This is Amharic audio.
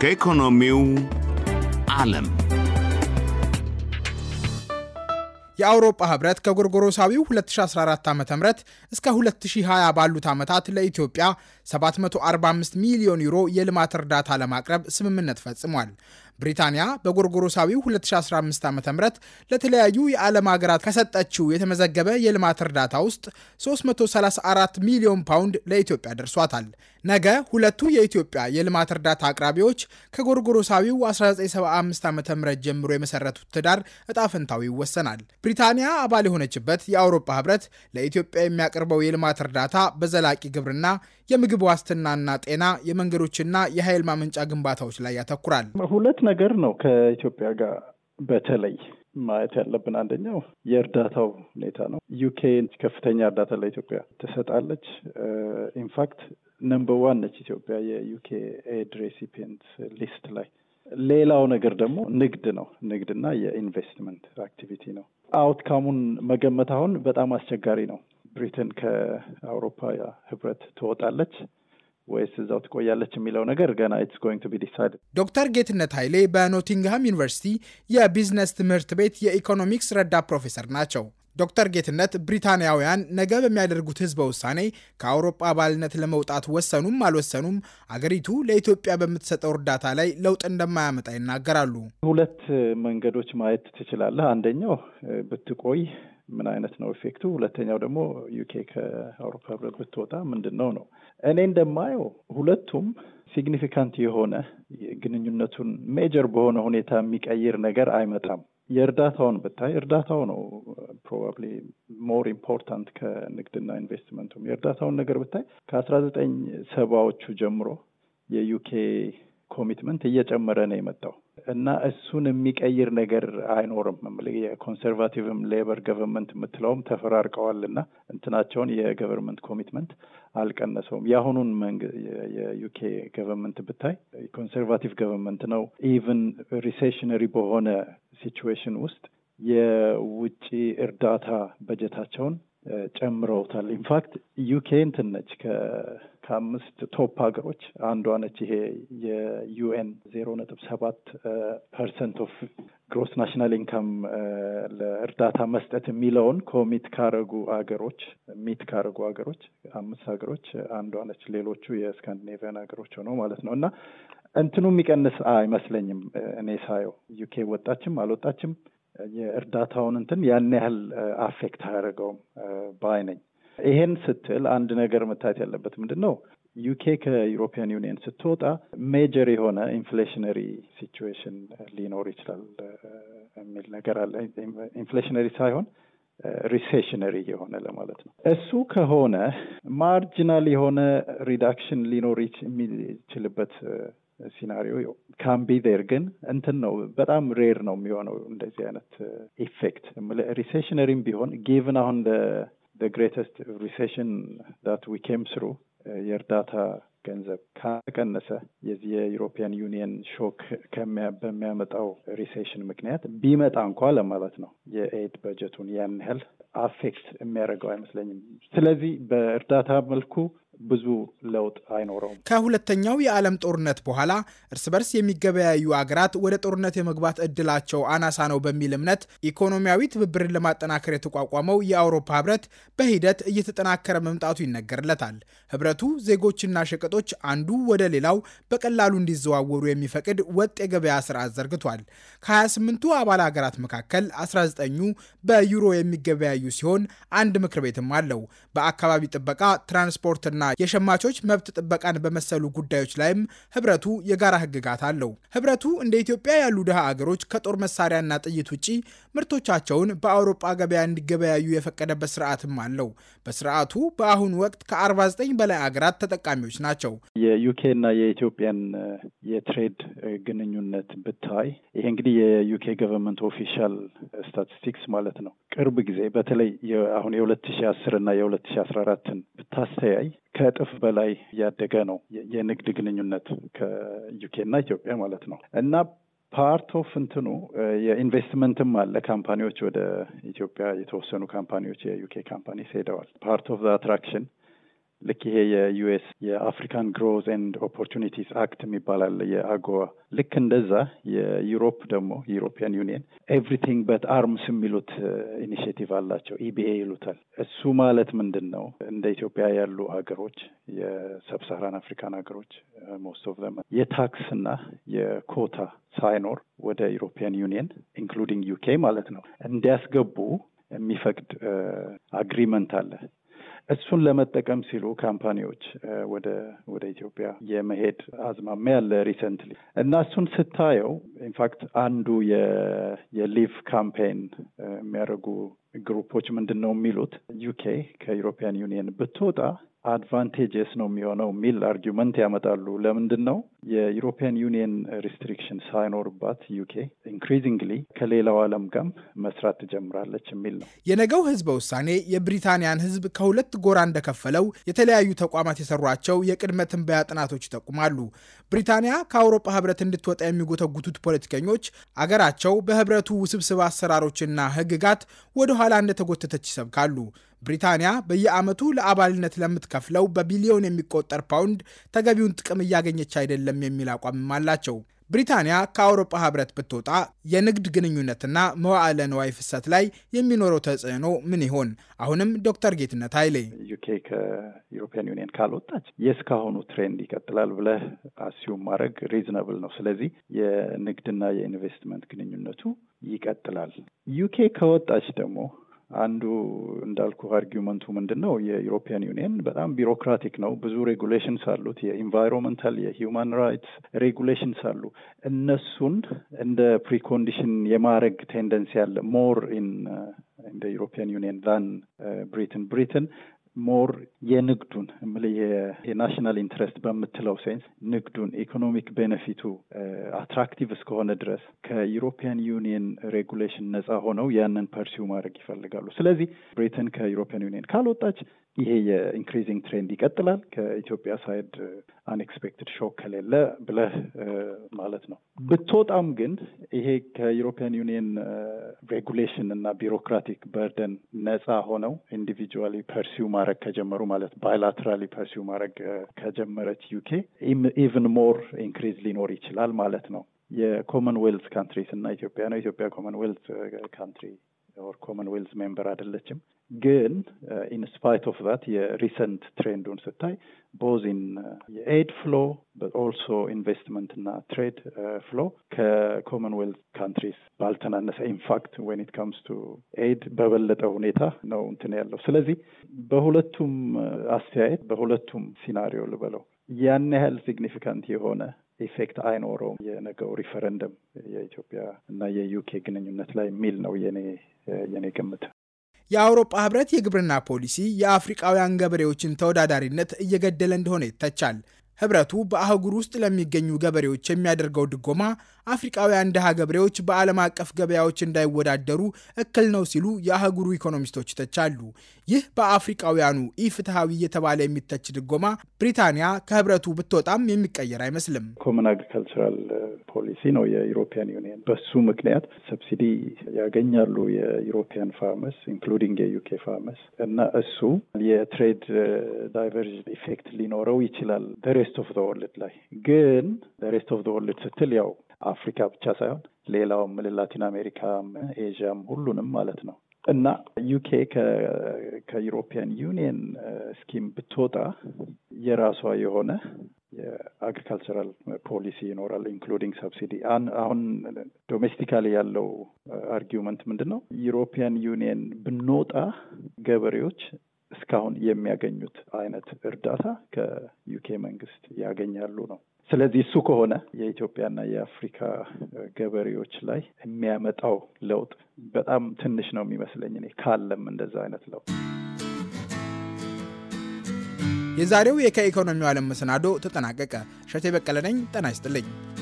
ከኢኮኖሚው ዓለም የአውሮፓ ህብረት ከጎርጎሮሳዊው 2014 ዓ ም እስከ 2020 ባሉት ዓመታት ለኢትዮጵያ 745 ሚሊዮን ዩሮ የልማት እርዳታ ለማቅረብ ስምምነት ፈጽሟል። ብሪታንያ በጎርጎሮሳዊው 2015 ዓ ም ለተለያዩ የዓለም ሀገራት ከሰጠችው የተመዘገበ የልማት እርዳታ ውስጥ 334 ሚሊዮን ፓውንድ ለኢትዮጵያ ደርሷታል። ነገ ሁለቱ የኢትዮጵያ የልማት እርዳታ አቅራቢዎች ከጎርጎሮሳዊው 1975 ዓ ም ጀምሮ የመሰረቱት ትዳር እጣፈንታዊ ይወሰናል። ብሪታንያ አባል የሆነችበት የአውሮፓ ህብረት ለኢትዮጵያ የሚያቀርብ የሚቀርበው የልማት እርዳታ በዘላቂ ግብርና፣ የምግብ ዋስትናና ጤና፣ የመንገዶችና የኃይል ማመንጫ ግንባታዎች ላይ ያተኩራል። ሁለት ነገር ነው ከኢትዮጵያ ጋር በተለይ ማየት ያለብን። አንደኛው የእርዳታው ሁኔታ ነው። ዩኬን ከፍተኛ እርዳታ ለኢትዮጵያ ትሰጣለች። ኢንፋክት ነምበር ዋን ነች ኢትዮጵያ የዩኬ ኤድ ሬሲፒንት ሊስት ላይ። ሌላው ነገር ደግሞ ንግድ ነው። ንግድና የኢንቨስትመንት አክቲቪቲ ነው። አውትካሙን መገመት አሁን በጣም አስቸጋሪ ነው። ብሪትን ከአውሮፓ ህብረት ትወጣለች ወይስ እዛው ትቆያለች የሚለው ነገር ገና ኢትስ ጎይንግ ቱ ቢ ዲሳይድ። ዶክተር ጌትነት ኃይሌ በኖቲንግሃም ዩኒቨርሲቲ የቢዝነስ ትምህርት ቤት የኢኮኖሚክስ ረዳት ፕሮፌሰር ናቸው። ዶክተር ጌትነት ብሪታንያውያን ነገ በሚያደርጉት ህዝበ ውሳኔ ከአውሮፓ አባልነት ለመውጣት ወሰኑም አልወሰኑም አገሪቱ ለኢትዮጵያ በምትሰጠው እርዳታ ላይ ለውጥ እንደማያመጣ ይናገራሉ። ሁለት መንገዶች ማየት ትችላለህ። አንደኛው ብትቆይ ምን አይነት ነው ኢፌክቱ? ሁለተኛው ደግሞ ዩኬ ከአውሮፓ ህብረት ብትወጣ ምንድን ነው ነው። እኔ እንደማየው ሁለቱም ሲግኒፊካንት የሆነ ግንኙነቱን ሜጀር በሆነ ሁኔታ የሚቀይር ነገር አይመጣም። የእርዳታውን ብታይ እርዳታው ነው ፕሮባብሊ ሞር ኢምፖርታንት ከንግድና ኢንቨስትመንቱም። የእርዳታውን ነገር ብታይ ከአስራ ዘጠኝ ሰባዎቹ ጀምሮ የዩኬ ኮሚትመንት እየጨመረ ነው የመጣው እና እሱን የሚቀይር ነገር አይኖርም። የኮንሰርቫቲቭም ሌበር ገቨርንመንት የምትለውም ተፈራርቀዋል እና እንትናቸውን የገቨርንመንት ኮሚትመንት አልቀነሰውም። የአሁኑን የዩኬ ገቨርንመንት ብታይ ኮንሰርቫቲቭ ገቨርንመንት ነው። ኢቨን ሪሴሽነሪ በሆነ ሲችዌሽን ውስጥ የውጭ እርዳታ በጀታቸውን ጨምረውታል። ኢንፋክት ዩኬ እንትን ነች ከአምስት ቶፕ ሀገሮች አንዷ ነች። ይሄ የዩኤን ዜሮ ነጥብ ሰባት ፐርሰንት ኦፍ ግሮስ ናሽናል ኢንካም ለእርዳታ መስጠት የሚለውን ኮሚት ካረጉ ሀገሮች ሚት ካረጉ ሀገሮች አምስት ሀገሮች አንዷ ነች። ሌሎቹ የስካንዲኔቪያን ሀገሮች ሆነው ማለት ነው እና እንትኑ የሚቀንስ አይመስለኝም እኔ ሳየው ዩኬ ወጣችም አልወጣችም የእርዳታውን እንትን ያን ያህል አፌክት አያደርገውም ባይ ነኝ። ይሄን ስትል አንድ ነገር መታየት ያለበት ምንድን ነው ዩኬ ከዩሮፒያን ዩኒየን ስትወጣ ሜጀር የሆነ ኢንፍሌሽነሪ ሲትዌሽን ሊኖር ይችላል የሚል ነገር አለ። ኢንፍሌሽነሪ ሳይሆን ሪሴሽነሪ የሆነ ለማለት ነው። እሱ ከሆነ ማርጂናል የሆነ ሪዳክሽን ሊኖር የሚችልበት ሲናሪዮ ካን ቢ ግን እንትን ነው በጣም ሬር ነው የሚሆነው እንደዚህ አይነት ኢፌክት uh, ሪሴሽነሪም ቢሆን ጊቭን አሁን ግሬተስት ሪሴሽን ዳት ዊ ኬም ስሩ የእርዳታ ገንዘብ ካቀነሰ የዚህ የዩሮፒያን ዩኒየን ሾክ በሚያመጣው ሪሴሽን ምክንያት ቢመጣ እንኳ ለማለት ነው የኤድ በጀቱን ያን ያህል አፌክት የሚያደርገው አይመስለኝም። ስለዚህ በእርዳታ መልኩ ብዙ ለውጥ አይኖረውም። ከሁለተኛው የዓለም ጦርነት በኋላ እርስ በርስ የሚገበያዩ አገራት ወደ ጦርነት የመግባት እድላቸው አናሳ ነው በሚል እምነት ኢኮኖሚያዊ ትብብርን ለማጠናከር የተቋቋመው የአውሮፓ ህብረት በሂደት እየተጠናከረ መምጣቱ ይነገርለታል። ህብረቱ ዜጎችና ሸቀጦች አንዱ ወደ ሌላው በቀላሉ እንዲዘዋወሩ የሚፈቅድ ወጥ የገበያ ስርዓት ዘርግቷል። ከ28ቱ አባል ሀገራት መካከል 19ኙ በዩሮ የሚገበያዩ ሲሆን አንድ ምክር ቤትም አለው። በአካባቢ ጥበቃ ትራንስፖርትና የሸማቾች መብት ጥበቃን በመሰሉ ጉዳዮች ላይም ህብረቱ የጋራ ህግጋት አለው። ህብረቱ እንደ ኢትዮጵያ ያሉ ድሃ አገሮች ከጦር መሳሪያና ጥይት ውጪ ምርቶቻቸውን በአውሮጳ ገበያ እንዲገበያዩ የፈቀደበት ስርዓትም አለው። በስርዓቱ በአሁኑ ወቅት ከ49 በላይ አገራት ተጠቃሚዎች ናቸው። የዩኬና የኢትዮጵያን የትሬድ ግንኙነት ብታይ ይሄ እንግዲህ የዩኬ ገቨርንመንት ኦፊሻል ስታቲስቲክስ ማለት ነው። ቅርብ ጊዜ በተለይ አሁን የ 2010 አስር እና የሁለት ሺ ብታስተያይ ከእጥፍ በላይ እያደገ ነው የንግድ ግንኙነት ከዩኬ እና ኢትዮጵያ ማለት ነው እና ፓርት ኦፍ እንትኑ የኢንቨስትመንትም አለ። ካምፓኒዎች ወደ ኢትዮጵያ የተወሰኑ ካምፓኒዎች የዩኬ ካምፓኒስ ሄደዋል። ፓርት ኦፍ አትራክሽን ልክ ይሄ የዩኤስ የአፍሪካን ግሮዝ ኤንድ ኦፖርቹኒቲስ አክት የሚባላል የአጎዋ ልክ እንደዛ የዩሮፕ ደግሞ የዩሮፒያን ዩኒየን ኤቭሪቲንግ በት አርምስ የሚሉት ኢኒሽቲቭ አላቸው። ኢቢኤ ይሉታል። እሱ ማለት ምንድን ነው? እንደ ኢትዮጵያ ያሉ ሀገሮች የሰብሳራን አፍሪካን ሀገሮች ሞስት ኦፍ ዘም የታክስና የኮታ ሳይኖር ወደ ዩሮፒያን ዩኒየን ኢንክሉዲንግ ዩኬ ማለት ነው እንዲያስገቡ የሚፈቅድ አግሪመንት uh, አለ። እሱን ለመጠቀም ሲሉ ካምፓኒዎች ወደ ወደ ኢትዮጵያ የመሄድ አዝማሚያ ያለ ሪሰንትሊ እና እሱን ስታየው ኢንፋክት አንዱ የሊቭ ካምፔን የሚያደርጉ ግሩፖች ምንድን ነው የሚሉት ዩኬ ከዩሮፒያን ዩኒየን ብትወጣ አድቫንቴጀስ ነው የሚሆነው የሚል አርጊመንት ያመጣሉ። ለምንድን ነው የዩሮፒያን ዩኒየን ሪስትሪክሽን ሳይኖርባት ዩኬ ኢንክሪዚንግሊ ከሌላው ዓለም ጋም መስራት ትጀምራለች የሚል ነው። የነገው ህዝበ ውሳኔ የብሪታንያን ህዝብ ከሁለት ጎራ እንደከፈለው የተለያዩ ተቋማት የሰሯቸው የቅድመ ትንበያ ጥናቶች ይጠቁማሉ። ብሪታንያ ከአውሮፓ ህብረት እንድትወጣ የሚጎተጉቱት ፖለቲከኞች አገራቸው በህብረቱ ውስብስብ አሰራሮችና ህግጋት ወደኋላ እንደተጎተተች ይሰብካሉ። ብሪታንያ በየዓመቱ ለአባልነት ለምትከፍለው በቢሊዮን የሚቆጠር ፓውንድ ተገቢውን ጥቅም እያገኘች አይደለም የሚል አቋምም አላቸው። ብሪታንያ ከአውሮፓ ህብረት ብትወጣ የንግድ ግንኙነትና መዋዕለ ንዋይ ፍሰት ላይ የሚኖረው ተጽዕኖ ምን ይሆን? አሁንም ዶክተር ጌትነት ኃይሌ ዩኬ ከዩሮፒያን ዩኒየን ካልወጣች የእስካሁኑ ትሬንድ ይቀጥላል ብለህ አስዩም ማድረግ ሪዝነብል ነው። ስለዚህ የንግድና የኢንቨስትመንት ግንኙነቱ ይቀጥላል። ዩኬ ከወጣች ደግሞ አንዱ እንዳልኩ አርጊመንቱ ምንድን ነው? የዩሮፒያን ዩኒየን በጣም ቢሮክራቲክ ነው። ብዙ ሬጉሌሽንስ አሉት። የኢንቫይሮንመንታል የሂውማን ራይትስ ሬጉሌሽንስ አሉ። እነሱን እንደ ፕሪኮንዲሽን የማድረግ ቴንደንሲ አለ ሞር ኢን እንደ ዩሮፒያን ዩኒየን ዛን ብሪትን ብሪትን ሞር የንግዱን የናሽናል ኢንትረስት በምትለው ሴንስ ንግዱን ኢኮኖሚክ ቤኔፊቱ አትራክቲቭ እስከሆነ ድረስ ከዩሮፒያን ዩኒየን ሬጉሌሽን ነጻ ሆነው ያንን ፐርሲው ማድረግ ይፈልጋሉ። ስለዚህ ብሪትን ከዩሮፒያን ዩኒየን ካልወጣች ይሄ የኢንክሪዚንግ ትሬንድ ይቀጥላል። ከኢትዮጵያ ሳይድ አንኤክስፔክትድ ሾክ ከሌለ ብለህ ማለት ነው። ብትወጣም ግን ይሄ ከዩሮፒያን ዩኒየን ሬጉሌሽን እና ቢሮክራቲክ በርደን ነፃ ሆነው ኢንዲቪጁዋሊ ፐርሲው ማድረግ ከጀመሩ ማለት ባይላትራሊ ፐርሲው ማድረግ ከጀመረች ዩኬ ኢቭን ሞር ኢንክሪዝ ሊኖር ይችላል ማለት ነው። የኮመንዌልት ካንትሪስ እና ኢትዮጵያ ነው። ኢትዮጵያ ኮመንዌልት ካንትሪ ኦር ኮመንዌልት ሜምበር አይደለችም። ግን ኢንስፓይት ኦፍ ዛት የሪሰንት ትሬንዱን ስታይ ቦዚን የኤድ ፍሎ ኦልሶ ኢንቨስትመንት እና ትሬድ ፍሎ ከኮመንዌልት ካንትሪስ ባልተናነሰ ኢንፋክት ወን ኢት ካምስ ቱ ኤድ በበለጠ ሁኔታ ነው እንትን ያለው። ስለዚህ በሁለቱም አስተያየት በሁለቱም ሲናሪዮ ልበለው ያን ያህል ሲግኒፊካንት የሆነ ኢፌክት አይኖረውም የነገው ሪፈረንደም የኢትዮጵያ እና የዩኬ ግንኙነት ላይ የሚል ነው የኔ የኔ ግምት። የአውሮፓ ህብረት የግብርና ፖሊሲ የአፍሪቃውያን ገበሬዎችን ተወዳዳሪነት እየገደለ እንደሆነ ይተቻል። ህብረቱ በአህጉር ውስጥ ለሚገኙ ገበሬዎች የሚያደርገው ድጎማ አፍሪቃውያን ድሃ ገበሬዎች በዓለም አቀፍ ገበያዎች እንዳይወዳደሩ እክል ነው ሲሉ የአህጉሩ ኢኮኖሚስቶች ይተቻሉ። ይህ በአፍሪቃውያኑ ኢፍትሐዊ እየተባለ የሚተች ድጎማ ብሪታንያ ከህብረቱ ብትወጣም የሚቀየር አይመስልም። ኮመን አግሪካልቸራል ፖሊሲ ነው የዩሮፒያን ዩኒየን። በሱ ምክንያት ሰብሲዲ ያገኛሉ የዩሮፒያን ፋርመስ ኢንክሉዲንግ የዩኬ ፋርመስ እና እሱ የትሬድ ዳይቨርጅን uh, ኢፌክት ሊኖረው ይችላል ሬስት ኦፍ ዘ ወርልድ ላይ ግን ሬስት ኦፍ ዘ ወርልድ ስትል ያው አፍሪካ ብቻ ሳይሆን ሌላውም ላቲን አሜሪካም ኤዥያም ሁሉንም ማለት ነው እና ዩኬ ከዩሮፒያን ዩኒየን ስኪም ብትወጣ የራሷ የሆነ የአግሪካልቸራል ፖሊሲ ይኖራል ኢንክሉዲንግ ሰብሲዲ። አሁን ዶሜስቲካሊ ያለው አርጊመንት ምንድን ነው? ዩሮፒያን ዩኒየን ብንወጣ ገበሬዎች እስካሁን የሚያገኙት አይነት እርዳታ ከዩኬ መንግስት ያገኛሉ ነው። ስለዚህ እሱ ከሆነ የኢትዮጵያና የአፍሪካ ገበሬዎች ላይ የሚያመጣው ለውጥ በጣም ትንሽ ነው የሚመስለኝ እኔ ካለም እንደዛ አይነት ለውጥ። የዛሬው የከኢኮኖሚው ዓለም መሰናዶ ተጠናቀቀ። እሸቴ በቀለ ነኝ። ጤና ይስጥልኝ።